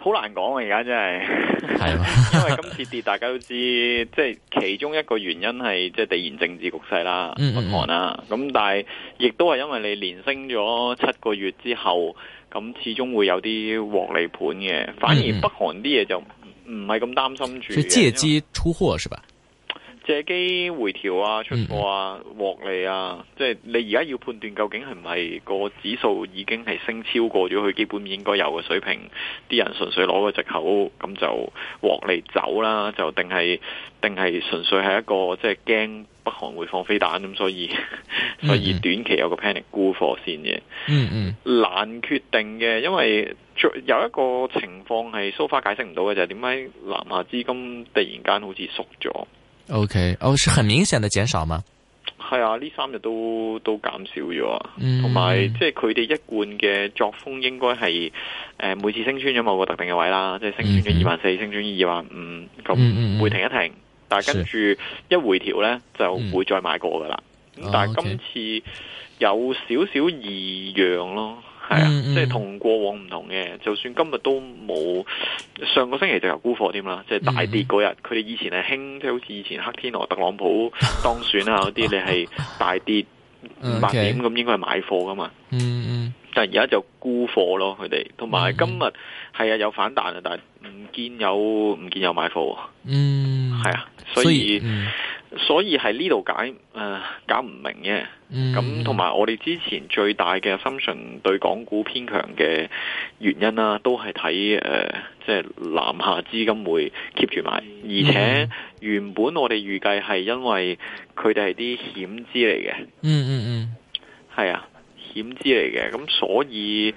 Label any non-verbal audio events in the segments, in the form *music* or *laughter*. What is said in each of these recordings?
好難講啊！而家真係，係因為今次跌，大家都知，即係其中一個原因係即係地緣政治局勢啦、北韓啦。咁但係亦都係因為你連升咗七個月之後，咁始終會有啲獲利盤嘅，反而北韓啲嘢就唔係咁擔心住。嗯、因為是借機出貨是吧？借機回調啊，出貨啊，獲利啊，即係你而家要判斷究竟係唔係個指數已經係升超過咗佢基本應該有嘅水平，啲人純粹攞個借口咁就獲利走啦，就定係定係純粹係一個即係驚北韓會放飛彈咁，所以 *laughs* 所以短期有個 panic 沽貨先嘅，嗯嗯，難決定嘅，因為有一個情況係 so far 解釋唔到嘅就係點解南下資金突然間好似縮咗。O K，哦，okay. oh, 是很明顯的減少嗎？係啊，呢三日都都減少咗，同埋、嗯、即係佢哋一貫嘅作風，應該係誒、呃、每次升穿咗某個特定嘅位啦，即係升穿咗二萬四，升穿二萬五，咁會停一停，嗯、但係跟住一回調咧是就會再買過噶啦，咁但係今次有少少異樣咯。係啊，即係同過往唔同嘅，就算今日都冇，上個星期就有沽貨添啦，即係大跌嗰日，佢哋以前係興，即係好似以前黑天鵝、特朗普當選啊嗰啲， *laughs* 你係大跌五百點咁 Okay.，應該係買貨噶嘛。嗯、hmm.，但係而家就沽貨咯，佢哋同埋今日係啊有反彈啊，但係唔見有唔見有買貨。嗯、mm。Hmm. 係啊，所以所以係呢度解誒、呃、解唔明嘅。咁同埋我哋之前最大嘅 assumption 對港股偏強嘅原因啦、啊，都係睇誒、即、呃、係、就是、南下資金會 keep 住買。而且、嗯、原本我哋預計係因為佢哋係啲險資嚟嘅。嗯嗯嗯，係啊，險資嚟嘅。咁所以誒、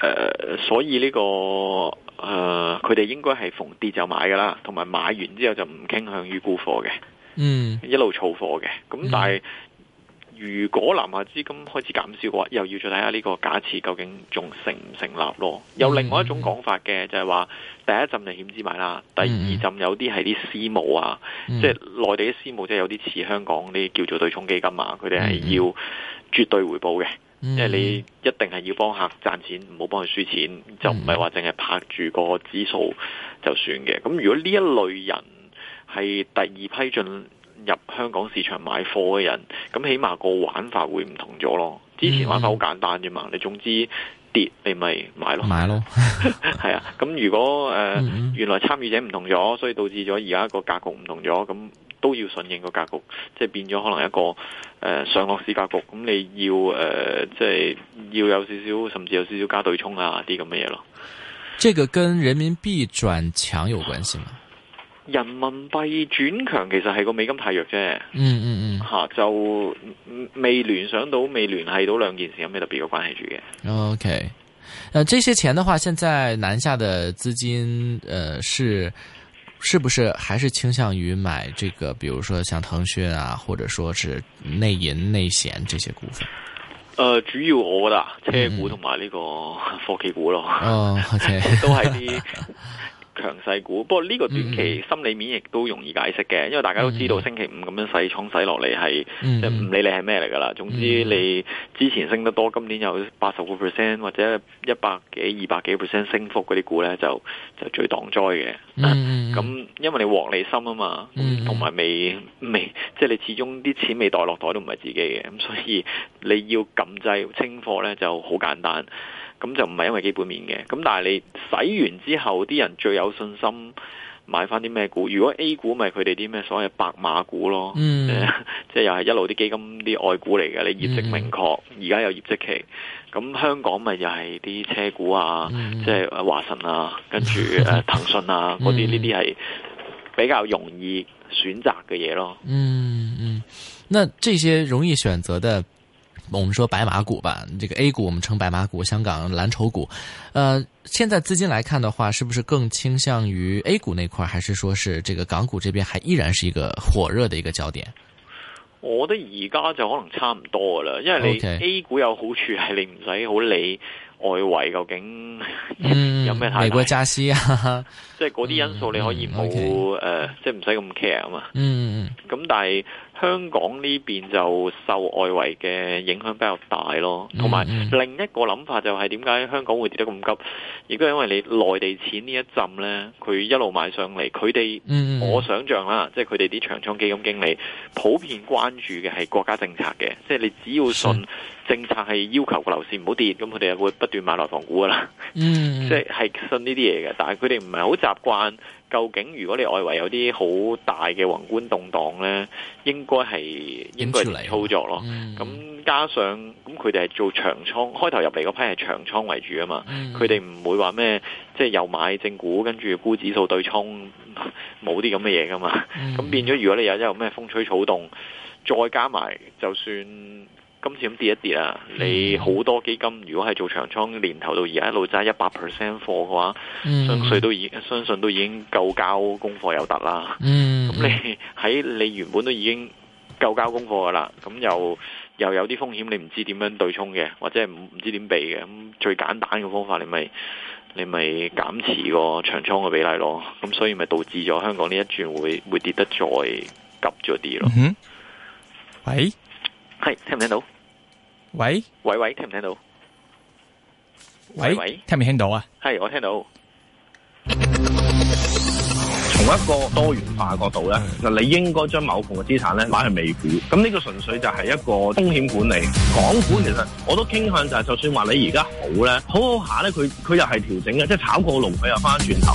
呃，所以呢、這個。誒，佢哋、呃、應該係逢跌就買噶啦，同埋買完之後就唔傾向於沽貨嘅，嗯，一路儲貨嘅。咁但係、嗯、如果南下資金開始減少嘅話，又要再睇下呢個假設究竟仲成唔成立咯？嗯、有另外一種講法嘅，就係話第一浸就險資買啦，第二浸有啲係啲私募啊，即係內地啲私募，即係、嗯、有啲似香港啲叫做對沖基金啊，佢哋係要絕對回報嘅。即係、mm hmm。你一定係要幫客賺錢，唔好幫佢輸錢，就唔係話淨係拍住個指數就算嘅。咁如果呢一類人係第二批進入香港市場買貨嘅人，咁起碼個玩法會唔同咗咯。之前玩法好簡單啫嘛，你總之。跌你咪買，買了咯，買咯，係啊。咁如果誒、呃嗯嗯、原來參與者唔同咗，所以導致咗而家個格局唔同咗，咁都要順應個格局，即係變咗可能一個誒、呃、上落市格局，咁你要誒、呃、即係要有少少，甚至有少少加對沖啊嗰啲咁嘅嘢。咯。這個跟人民幣轉強有關係嗎？啊人民幣轉強其實係個美金太弱啫、嗯，嗯嗯嗯，吓、啊、就未聯想到、未聯繫到兩件事有咩特別嘅關係住嘅。O K，誒，這些錢的話，現在南下的資金，誒、呃，是是不是還是傾向於買這個？比如說，像騰訊啊，或者說是內銀內險這些股份？誒、呃，主要我覺得，車、嗯、股同埋呢個科技股咯。哦，O K，都係啲。強勢股，不過呢個短期，嗯、心理面亦都容易解釋嘅，因為大家都知道星期五咁樣洗倉洗落嚟係，即唔、嗯、理你係咩嚟噶啦。嗯、總之你之前升得多，今年有八十個 percent 或者一百幾、二百幾 percent 升幅嗰啲股咧，就就最擋災嘅。咁因為你獲利心啊嘛，同埋未未，即係你始終啲錢未袋落袋都唔係自己嘅，咁所以你要撳掣清貨咧就好簡單。咁就唔係因為基本面嘅，咁但係你洗完之後，啲人最有信心買翻啲咩股？如果 A 股咪佢哋啲咩所謂白馬股咯，即係、嗯、 *laughs* 又係一路啲基金啲外股嚟嘅，你業績明確，而家、嗯、有業績期，咁香港咪又係啲車股啊，即係、嗯、華晨啊，跟住誒騰訊啊嗰啲呢啲係比較容易選擇嘅嘢咯，嗯。嗯嗯，那這些容易選擇的。我們說白馬股吧，這個 A 股我們稱白馬股，香港藍籌股，呃，現在資金來看的話，是不是更傾向於 A 股那塊，還是說是這個港股這邊還依然是一個火熱的一個焦點？我覺得而家就可能差唔多㗎啦，因為你 A 股有好處係你唔使好理外圍究竟有咩、嗯、美國加息、啊，即係嗰啲因素你可以冇誒，即係唔使咁 care 啊嘛。嗯，咁但係。香港呢邊就受外圍嘅影響比較大咯，同埋、嗯嗯、另一個諗法就係點解香港會跌得咁急？亦都係因為你內地錢呢一陣呢，佢一路買上嚟，佢哋、嗯嗯、我想象啦，即係佢哋啲長倉基金經理普遍關注嘅係國家政策嘅，即、就、係、是、你只要信政策係要求個樓市唔好跌，咁佢哋就會不斷買內房股噶啦，即係、嗯嗯嗯、 *laughs* 信呢啲嘢嘅，但係佢哋唔係好習慣。究竟如果你外圍有啲好大嘅宏觀動盪呢，應該係應該嚟操作咯。咁、嗯、加上咁佢哋係做長倉，開頭入嚟嗰批係長倉為主啊嘛。佢哋唔會話咩，即係又買正股跟住沽指數對沖冇啲咁嘅嘢噶嘛。咁、嗯嗯、變咗如果你有一有咩風吹草動，再加埋就算。今次咁跌一跌啊！你好多基金如果係做長倉，年頭到而家一路揸一百 percent 貨嘅話，相信都已相信都已經夠交功課有得啦。嗯，咁你喺你原本都已經夠交功課噶啦，咁又又有啲風險，你唔知點樣對沖嘅，或者係唔唔知點避嘅咁，最簡單嘅方法，你咪你咪減持個長倉嘅比例咯。咁所以咪導致咗香港呢一轉會會跌得再急咗啲咯。喂，係聽唔聽到？喂喂喂，聽唔聽到？喂喂，喂，聽唔聽到啊？係、啊、我聽到。從一個多元化角度咧，嗱、嗯，就你應該將某部分嘅資產咧買去美股。咁呢個純粹就係一個風險管理。港股其實我都傾向就係，就，是、就算話你而家好咧，好好下咧，佢佢又係調整嘅，即、就、係、是、炒過龍佢又翻轉頭。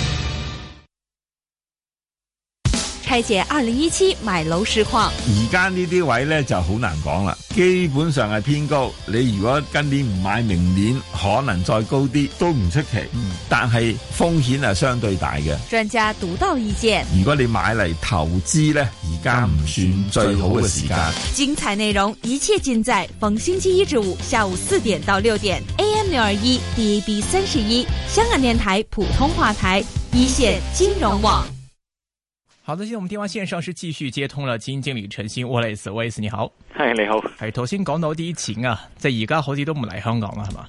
係借二零一七買樓市況，而家呢啲位咧就好難講啦，基本上係偏高。你如果今年唔買，明年可能再高啲都唔出奇，但係風險係相對大嘅。專家獨到意見，如果你買嚟投資咧，而家唔算最好嘅時間。嗯、時間精彩內容一切盡在逢星期一至五下午四點到六點，AM 六二一，DAB 三十一，香港電台普通話台，一線金融網。好，我們電話線上是繼續接通了，基金經理陳昕，我係思，我係思，你好，係你好，係頭先講到啲錢啊，即係而家好似都唔嚟香港啦，係嘛？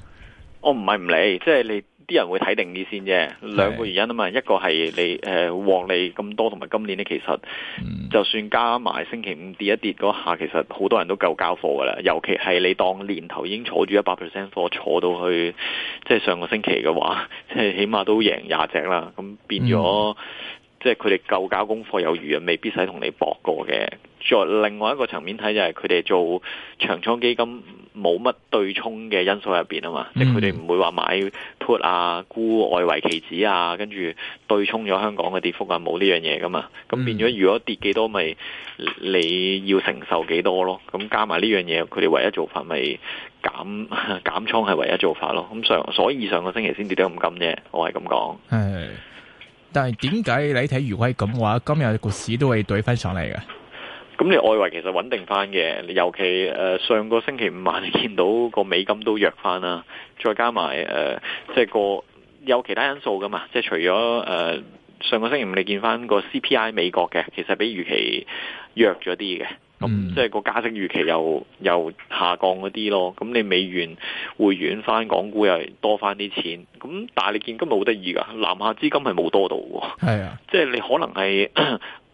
我唔係唔嚟，即係你啲人會睇定啲先啫，兩個原因啊嘛，一個係你誒、呃、獲利咁多，同埋今年呢，其實，就算加埋星期五跌一跌嗰下，其實好多人都夠交貨噶啦，尤其係你當年頭已經坐住一百 percent 貨，坐到去即係上個星期嘅話，即係起碼都贏廿隻啦，咁變咗。嗯即係佢哋夠交功課有餘啊，未必使同你搏過嘅。再另外一個層面睇就係佢哋做長倉基金冇乜對沖嘅因素入邊、嗯、啊嘛，即係佢哋唔會話買 put 啊沽外圍期指啊，跟住對沖咗香港嘅跌幅啊，冇呢樣嘢噶嘛。咁變咗如果跌幾多咪、嗯、你要承受幾多咯。咁加埋呢樣嘢，佢哋唯一做法咪減減倉係唯一做法咯。咁上所以上個星期先跌得咁緊啫，我係咁講。係。 *noise* 但係點解你睇，如果咁話，今日個市都會懟翻上嚟嘅？咁你外圍其實穩定翻嘅，尤其誒、呃、上個星期五晚你見到個美金都弱翻啦，再加埋誒、呃、即係個有其他因素噶嘛？即係除咗誒、呃、上個星期五你見翻個 CPI 美國嘅，其實比預期弱咗啲嘅。咁、嗯嗯、即係個加息預期又又下降嗰啲咯，咁你美元匯軟翻，港股又多翻啲錢。咁但係你見今日好得意㗎，南下資金係冇多到喎，係啊，即係你可能係 *coughs*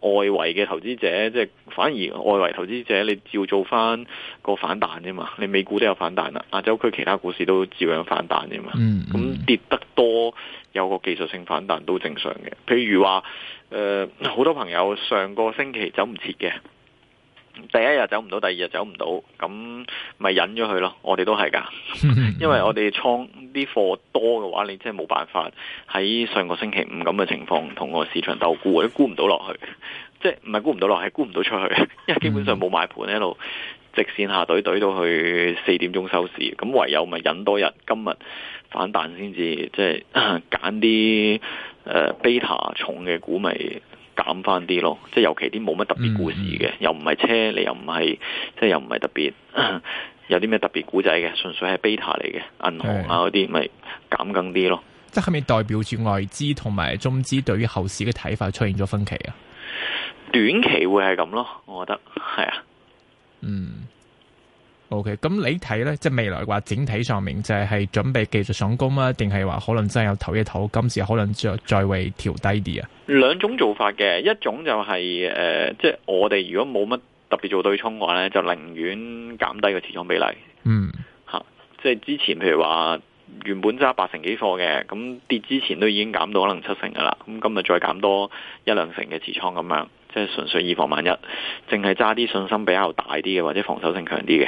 外圍嘅投資者，即係反而外圍投資者你照做翻個反彈啫嘛。你美股都有反彈啦，亞洲區其他股市都照樣反彈啫嘛。咁、嗯嗯、跌得多有個技術性反彈都正常嘅。譬如話，誒、呃、好多朋友上個星期走唔切嘅。第一日走唔到，第二日走唔到，咁咪忍咗佢咯。我哋都係㗎，因為我哋倉啲貨多嘅話，你真係冇辦法喺上個星期五咁嘅情況同個市場鬥估，或者估唔到落去。即係唔係估唔到落，係估唔到出去，因為基本上冇買盤喺度，直，直線下懟懟到去四點鐘收市。咁唯有咪忍多日，今日反彈先至，即係揀啲誒 beta 重嘅股嚟。減翻啲咯，即係尤其啲冇乜特別故事嘅，又唔係車，你又唔係，即係又唔係特別有啲咩特別古仔嘅，純粹係 beta 嚟嘅，銀行啊嗰啲咪減緊啲咯。即係咪代表住外資同埋中資對於後市嘅睇法出現咗分歧啊？短期會係咁咯，我覺得係啊，嗯。O K，咁你睇咧？即係未來話整體上面就係係準備繼續上攻啊，定係話可能真係有唞一唞，今次可能再再會調低啲啊？兩種做法嘅，一種就係、是、誒、呃，即係我哋如果冇乜特別做對沖嘅話咧，就寧願減低個持倉比例。嗯，吓、啊，即係之前譬如話原本揸八成幾貨嘅，咁跌之前都已經減到可能七成噶啦，咁今日再減多一兩成嘅持倉咁樣。即係純粹以防萬一，淨係揸啲信心比較大啲嘅或者防守性強啲嘅。誒、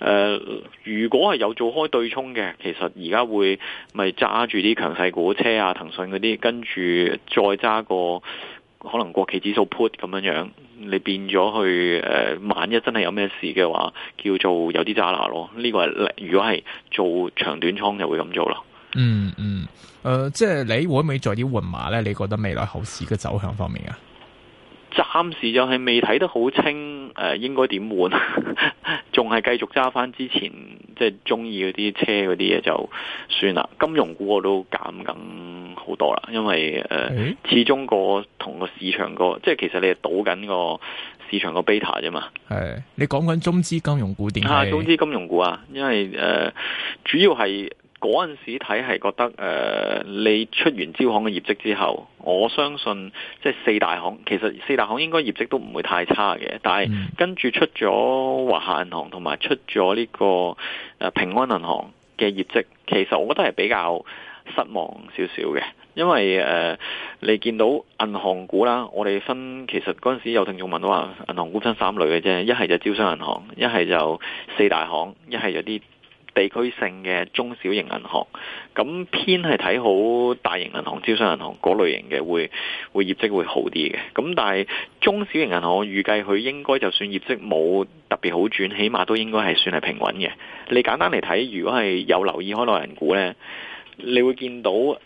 呃，如果係有做開對沖嘅，其實而家會咪揸住啲強勢股車啊，騰訊嗰啲，跟住再揸個可能國企指數 put 咁樣樣，你變咗去誒、呃，萬一真係有咩事嘅話，叫做有啲揸拿咯。呢、這個係如果係做長短倉就會咁做啦、嗯。嗯嗯，誒、呃，即係你會唔會做啲換馬咧？你覺得未來後市嘅走向方面啊？暫時就係未睇得好清，誒、呃，應該點換？仲係繼續揸翻之前即係中意嗰啲車嗰啲嘢就算啦。金融股我都減緊好多啦，因為誒，呃嗯、始終個同個市場個，即係其實你係賭緊個市場個 beta 啫嘛。係你講緊中資金融股點？啊，中資金融股啊，因為誒、呃，主要係。嗰陣時睇係覺得誒、呃，你出完招行嘅業績之後，我相信即係四大行，其實四大行應該業績都唔會太差嘅。但係跟住出咗華夏銀行同埋出咗呢個誒平安銀行嘅業績，其實我覺得係比較失望少少嘅，因為誒、呃、你見到銀行股啦，我哋分其實嗰陣時有聽眾問到話，銀行股分三類嘅啫，一係就招商銀行，一係就四大行，一係有啲。地區性嘅中小型銀行，咁偏係睇好大型銀行、招商銀行嗰類型嘅會，會業績會好啲嘅。咁但係中小型銀行我預計佢應該就算業績冇特別好轉，起碼都應該係算係平穩嘅。你簡單嚟睇，如果係有留意開內銀股呢，你會見到呢、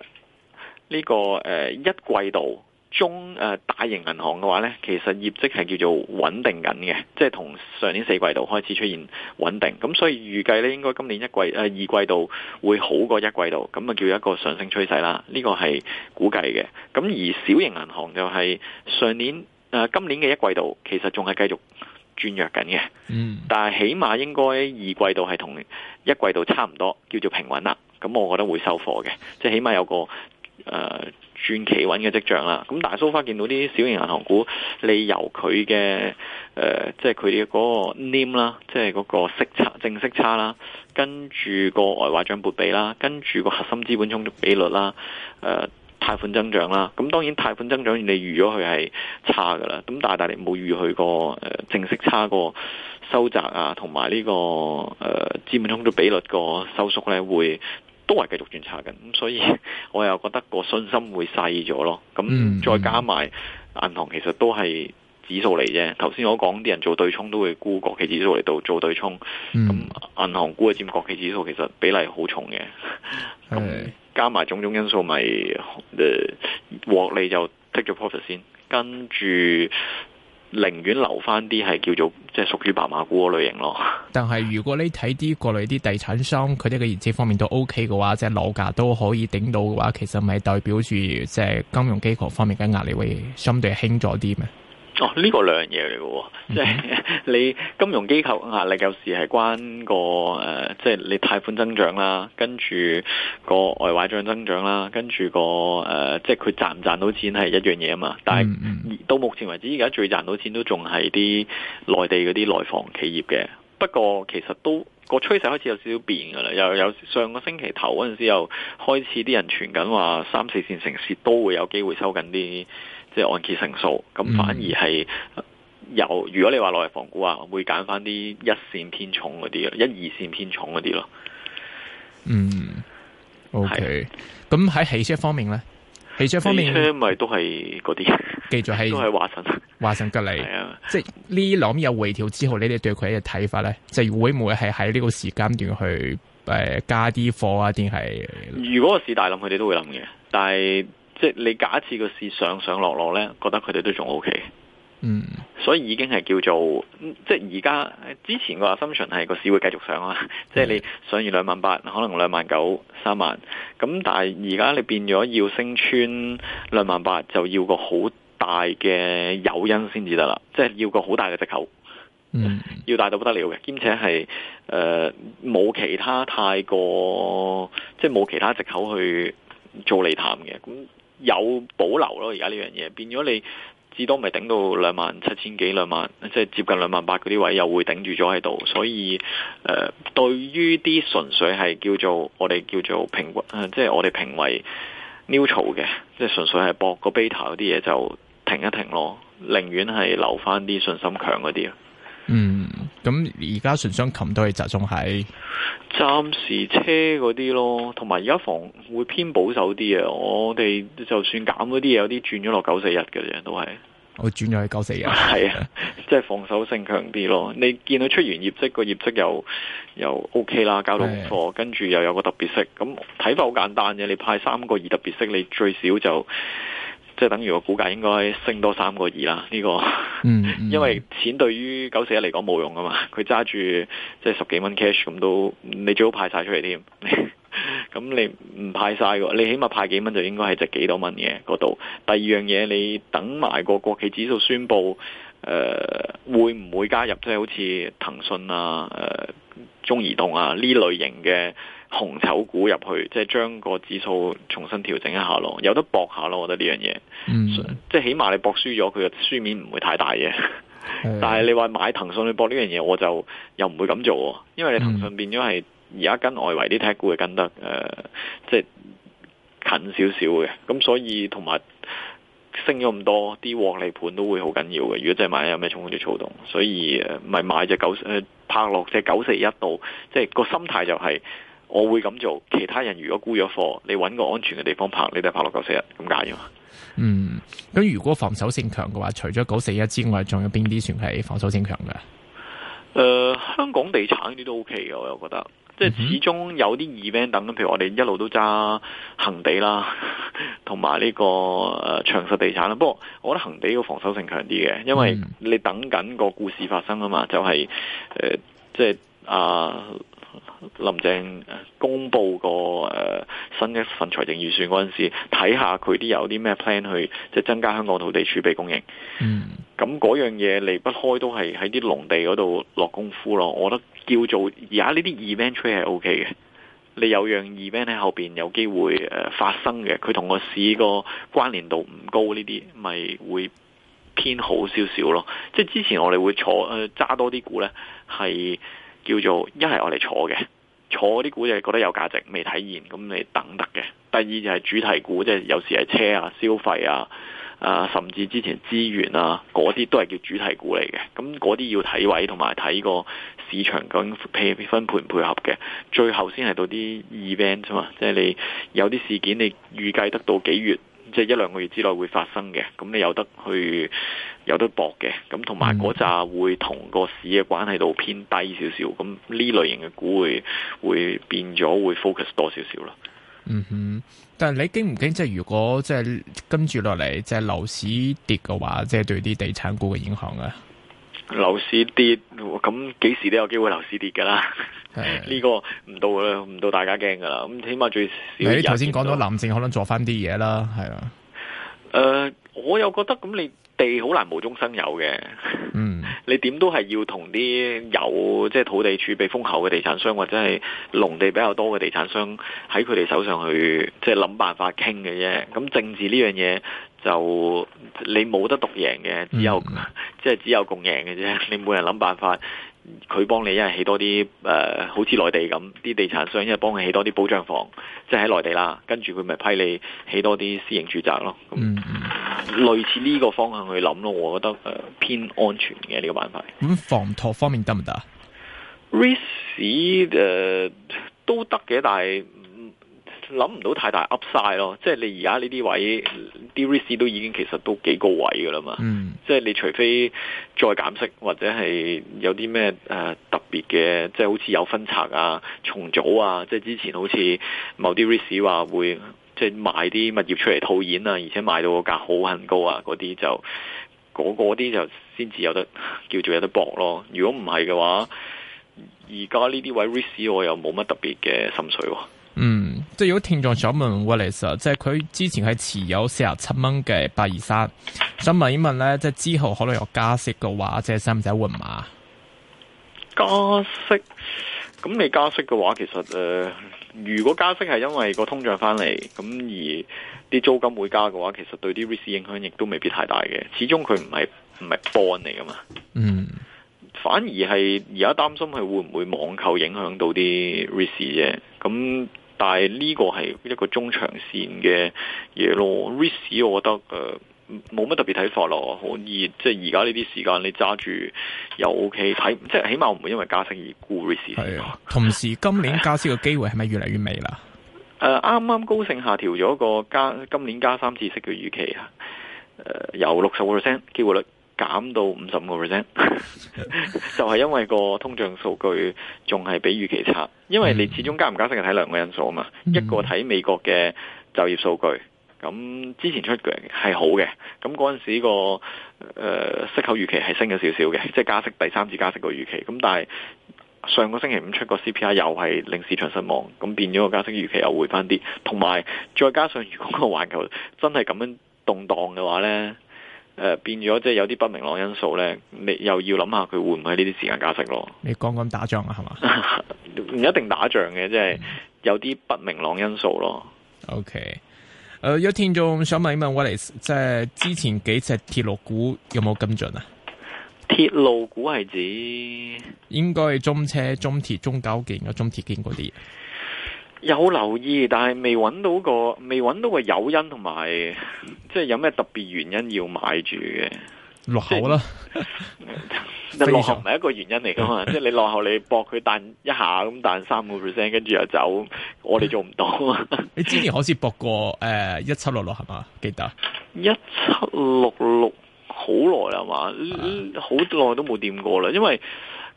這個誒、呃、一季度。中誒、呃、大型銀行嘅話呢，其實業績係叫做穩定緊嘅，即係同上年四季度開始出現穩定，咁所以預計呢，應該今年一季誒、呃、二季度會好過一季度，咁啊叫一個上升趨勢啦。呢、這個係估計嘅。咁而小型銀行就係上年誒、呃、今年嘅一季度其實仲係繼續轉弱緊嘅，嗯，但係起碼應該二季度係同一季度差唔多，叫做平穩啦。咁我覺得會收貨嘅，即係起碼有個誒。呃轉企穩嘅跡象啦，咁大蘇花見到啲小型銀行股，你由佢嘅誒，即係佢哋嗰個 NIM 啦，即係嗰個息差，正息差啦，跟住個外壞賬撥比啦，跟住個核心資本充足比率啦，誒、呃，貸款增長啦，咁、嗯、當然貸款增長你預咗佢係差噶啦，咁但係大你冇預佢個誒正息差個收窄啊，同埋呢個誒資、呃、本充足比率個收縮咧會，都係繼續轉差緊，咁所以我又覺得個信心會細咗咯。咁、嗯、再加埋銀行其實都係指數嚟啫。頭先我講啲人做對沖都會沽國企指數嚟度做，做對沖，咁銀行股係佔國企指數其實比例好重嘅。咁、嗯、 *laughs* 加埋種種因素咪，誒獲利就 take 咗 profit 先，跟住。寧願留翻啲係叫做即係屬於白馬股類型咯。但係如果你睇啲國內嚟啲地產商，佢哋嘅業績方面都 OK 嘅話，即係樓價都可以頂到嘅話，其實咪代表住即係金融機構方面嘅壓力會相對輕咗啲咩？哦，呢個兩樣嘢嚟喎，即 *laughs* 係你金融機構壓力，有時係關個誒、呃，即係你貸款增長啦，跟住個外匯帳增長啦，跟住個誒，即係佢賺唔賺到錢係一樣嘢啊嘛。但係到目前為止，依家最賺到錢都仲係啲內地嗰啲內房企業嘅。不過其實都個趨勢開始有少少變㗎啦。又有上個星期頭嗰陣時，又開始啲人傳緊話，三四線城市都會有機會收緊啲。即係按揭成數，咁反而係有。如果你內話落嚟，房股啊，會揀翻啲一線偏重嗰啲，一二線偏重嗰啲咯。嗯，OK 是。咁喺汽車方面咧，汽車方面咪都係嗰啲，繼續係都係華晨、華晨吉利。係啊，即係呢兩有回調之後，你哋對佢嘅睇法咧，就是、會唔會係喺呢個時間段去誒加啲貨啊？定係如果個市大冧，佢哋都會諗嘅，但係。即係你假設個市上上落落咧，覺得佢哋都仲 OK。嗯，所以已經係叫做即係而家之前個 assumption 係個市會繼續上啦。即係你上完兩萬八，可能兩萬九、三萬。咁但係而家你變咗要升穿兩萬八，就要個好大嘅誘因先至得啦。即係要個好大嘅藉口，嗯，要大到不得了嘅，兼且係誒冇其他太過，即係冇其他藉口去做離譜嘅咁。有保留咯，而家呢樣嘢變咗你至多咪頂到兩萬七千幾兩萬，即係接近兩萬八嗰啲位又會頂住咗喺度，所以誒、呃、對於啲純粹係叫做我哋叫做評估即係我哋評為 neutral 嘅，即係純粹係搏個 beta 嗰啲嘢就停一停咯，寧願係留翻啲信心強嗰啲啊嗯。咁而家純商琴都係集中喺暫時車嗰啲咯，同埋而家房會偏保守啲啊！我哋就算減嗰啲有啲轉咗落九四一嘅啫，都係我轉咗去九四一。係啊，即係防守性強啲咯。你見佢出完業績，個業績又又 OK 啦，搞到唔錯，的跟住又有個特別息。咁睇法好簡單嘅。你派三個二特別息，你最少就。即係等於我估計應該升多三個二啦，呢個，因為錢對於九四一嚟講冇用噶嘛，佢揸住即係十幾蚊 cash 咁都，你最好派晒出嚟添。咁 *laughs* 你唔派晒嘅，你起碼派幾蚊就應該係值幾多蚊嘅嗰度。第二樣嘢你等埋個國企指數宣布，誒、呃、會唔會加入？即係好似騰訊啊、誒、呃、中移動啊呢類型嘅。紅籌股入去，即係將個指數重新調整一下咯，有得搏下咯。我覺得呢樣嘢，嗯、即係起碼你搏輸咗，佢嘅輸面唔會太大嘅。嗯、但係你話買騰訊去搏呢樣嘢，我就又唔會咁做，哦，因為你騰訊變咗係而家跟外圍啲 tech 股係跟得，誒、呃，即係近少少嘅。咁所以同埋升咗咁多，啲獲利盤都會好緊要嘅。如果真係萬一有咩沖就躁動，所以誒，咪、呃、買隻九誒、呃，拍落隻九四一度，即係個心態就係、是。我會咁做，其他人如果沽咗貨，你揾個安全嘅地方拍，你都係拍落九四一咁解嘅嘛。嗯，咁如果防守性強嘅話，除咗九四一之外，仲有邊啲算係防守性強嘅？誒、呃，香港地產啲都 OK 嘅，我又覺得，即係始終有啲二 van 等，譬如我哋一路都揸恒地啦，同埋呢個誒、呃、長實地產啦。不過我覺得恒地個防守性強啲嘅，因為你等緊個故事發生啊嘛，就係、是、誒、呃、即係。啊！林鄭公布個誒、啊、新一份財政預算嗰陣時，睇下佢啲有啲咩 plan 去即係增加香港土地儲備供應。嗯，咁嗰樣嘢離不開都係喺啲農地嗰度落功夫咯。我覺得叫做而家呢啲 event 係 OK 嘅，你有樣 event 喺後邊有機會誒發生嘅，佢同個市個關聯度唔高呢啲，咪會偏好少少咯。即係之前我哋會坐誒揸、呃、多啲股咧，係。叫做一係我哋坐嘅，坐啲股就係覺得有價值未體現，咁你等得嘅。第二就係主題股，即係有時係車啊、消費啊、啊甚至之前資源啊嗰啲都係叫主題股嚟嘅。咁嗰啲要睇位同埋睇個市場究竟配分配唔配合嘅。最後先係到啲 event 啫嘛，即係你有啲事件你預計得到幾月。即係一兩個月之內會發生嘅，咁你有得去有得去搏嘅，咁同埋嗰扎會同個市嘅關係度偏低少少，咁呢類型嘅股會會變咗會 focus 多少少咯。嗯哼，但係你驚唔驚？即係如果即係跟住落嚟，即係樓市跌嘅話，即係對啲地產股嘅影響啊？樓市跌，咁幾時都有機會樓市跌噶啦。呢的 *laughs* 個唔到啦，唔到大家驚噶啦。咁起碼最少，誒，頭先講咗林鄭可能做翻啲嘢啦，係啦。誒、呃，我又覺得咁，你地好難無中生有嘅。嗯，你點都係要同啲有即係土地儲備豐厚嘅地產商或者係農地比較多嘅地產商喺佢哋手上去即係諗辦法傾嘅啫。咁政治呢樣嘢，就你冇得獨贏嘅，只有、嗯、即係只有共贏嘅啫。你每人諗辦法，佢幫你一係起多啲，誒、呃，好似內地咁，啲地產商幫一係幫佢起多啲保障房，即係喺內地啦，跟住佢咪批你起多啲私營住宅咯。嗯，嗯類似呢個方向去諗咯，我覺得、呃、偏安全嘅呢、這個辦法。咁房、嗯、託方面得唔得？risk 都得嘅，但係。諗唔到太大 upside 咯，即係你而家呢啲位啲 risk 都已經其實都幾高位㗎喇嘛，嗯、即係你除非再減息或者係有啲咩誒特別嘅，即係好似有分拆啊、重組啊，即係之前好似某啲 risk 話會即係賣啲物業出嚟套現啊，而且賣到個價好很高啊，嗰啲就嗰嗰啲就先至有得叫做有得搏咯。如果唔係嘅話，而家呢啲位 risk 我又冇乜特別嘅心水喎。嗯。即係如果聽眾想問 Wallace 即係佢之前係持有四十七蚊嘅八二三，想問一問咧，即係之後可能有加息嘅話，即係使唔使換馬？加息？咁你加息嘅話，其實誒、呃，如果加息係因為個通脹翻嚟，咁而啲租金會加嘅話，其實對啲 risk 影響亦都未必太大嘅。始終佢唔係唔係 bond 嚟噶嘛。嗯，反而係而家擔心佢會唔會網購影響到啲 risk 啫。咁。但係呢個係一個中長線嘅嘢咯 risk 我覺得誒冇乜特別睇法咯，可以即係而家呢啲時間你揸住又 OK，起即係起碼唔會因為加息而沽 risk。係啊，同時今年加息嘅機會係咪越嚟越微啦？誒啱啱高盛下調咗一個加今年加三次息嘅預期啊，誒、呃、由六十個 percent 機會率。減到五十五個 percent，就係因為個通脹數據仲係比預期差。因為你始終加唔加息係睇兩個因素啊嘛，一個睇美國嘅就業數據，咁之前出嘅係好嘅，咁嗰陣時、個、呃、息口預期係升咗少少嘅，即、就、係、是、加息第三次加息個預期。咁但係上個星期五出個 CPI 又係令市場失望，咁變咗個加息預期又回翻啲，同埋再加上如果個環球真係咁樣動盪嘅話呢。誒、呃，變咗即係有啲不明朗因素咧，你又要諗下佢會唔會呢啲時間加息咯？你講緊打仗啊，係嘛？唔 *laughs* *laughs* 一定打仗嘅，即係有啲不明朗因素咯。OK，誒、呃，有聽眾想問一問 Wallace 即係之前幾隻鐵路股有冇跟進啊？鐵路股係指應該係中車、中鐵、中交建，個中鐵建嗰啲。有留意，但係未揾到個，未揾到個誘因同埋，即係有咩特別原因要買住嘅落後啦是。 *laughs* 落後唔係一個原因嚟噶嘛， *laughs* 即係你落後你搏佢彈一下咁彈三個 percent，跟住又走，我哋做唔到。啊。 *laughs* 你之前好似搏過誒一七六六係嘛？記得一七六六好耐啦係嘛，好耐、啊、都冇掂過啦，因為。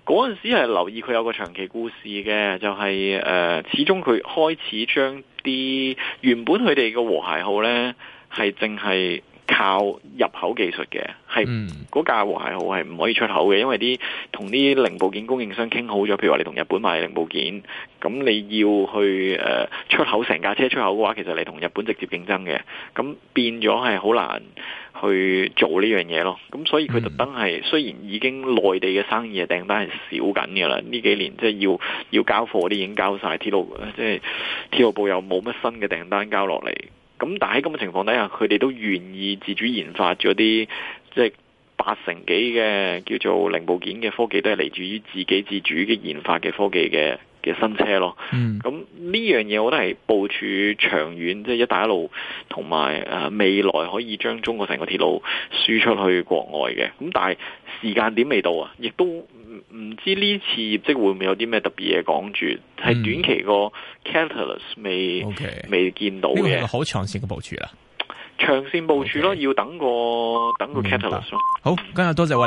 嗰陣時係留意佢有個長期故事嘅，就係、是、誒、呃，始終佢開始將啲原本佢哋嘅和諧號咧，係淨係，靠入口技術嘅，係、嗯、嗰架和諧號係唔可以出口嘅，因為啲同啲零部件供應商傾好咗，譬如話你同日本買零部件，咁你要去誒、呃、出口成架車出口嘅話，其實你同日本直接競爭嘅，咁變咗係好難去做呢樣嘢咯。咁所以佢特登係雖然已經內地嘅生意訂單係少緊嘅啦，呢幾年即係要要交貨啲已經交晒鐵路，即係鐵路部又冇乜新嘅訂單交落嚟。咁但喺咁嘅情況底下，佢哋都願意自主研發咗啲即係八成幾嘅叫做零部件嘅科技，都係嚟自於自己自主嘅研發嘅科技嘅。嘅新車咯，嗯，咁呢樣嘢我都係部署長遠，即係一帶一路同埋誒未來可以將中國成個鐵路輸出去國外嘅。咁但係時間點未到啊，亦都唔唔知呢次業績會唔會有啲咩特別嘢講住，係、嗯、短期個 catalyst 未未 Okay，見到嘅。好長線嘅部署啊，長線部署咯，okay，要等個等個 catalyst 明白。咯吧，好，唔，今日多謝我。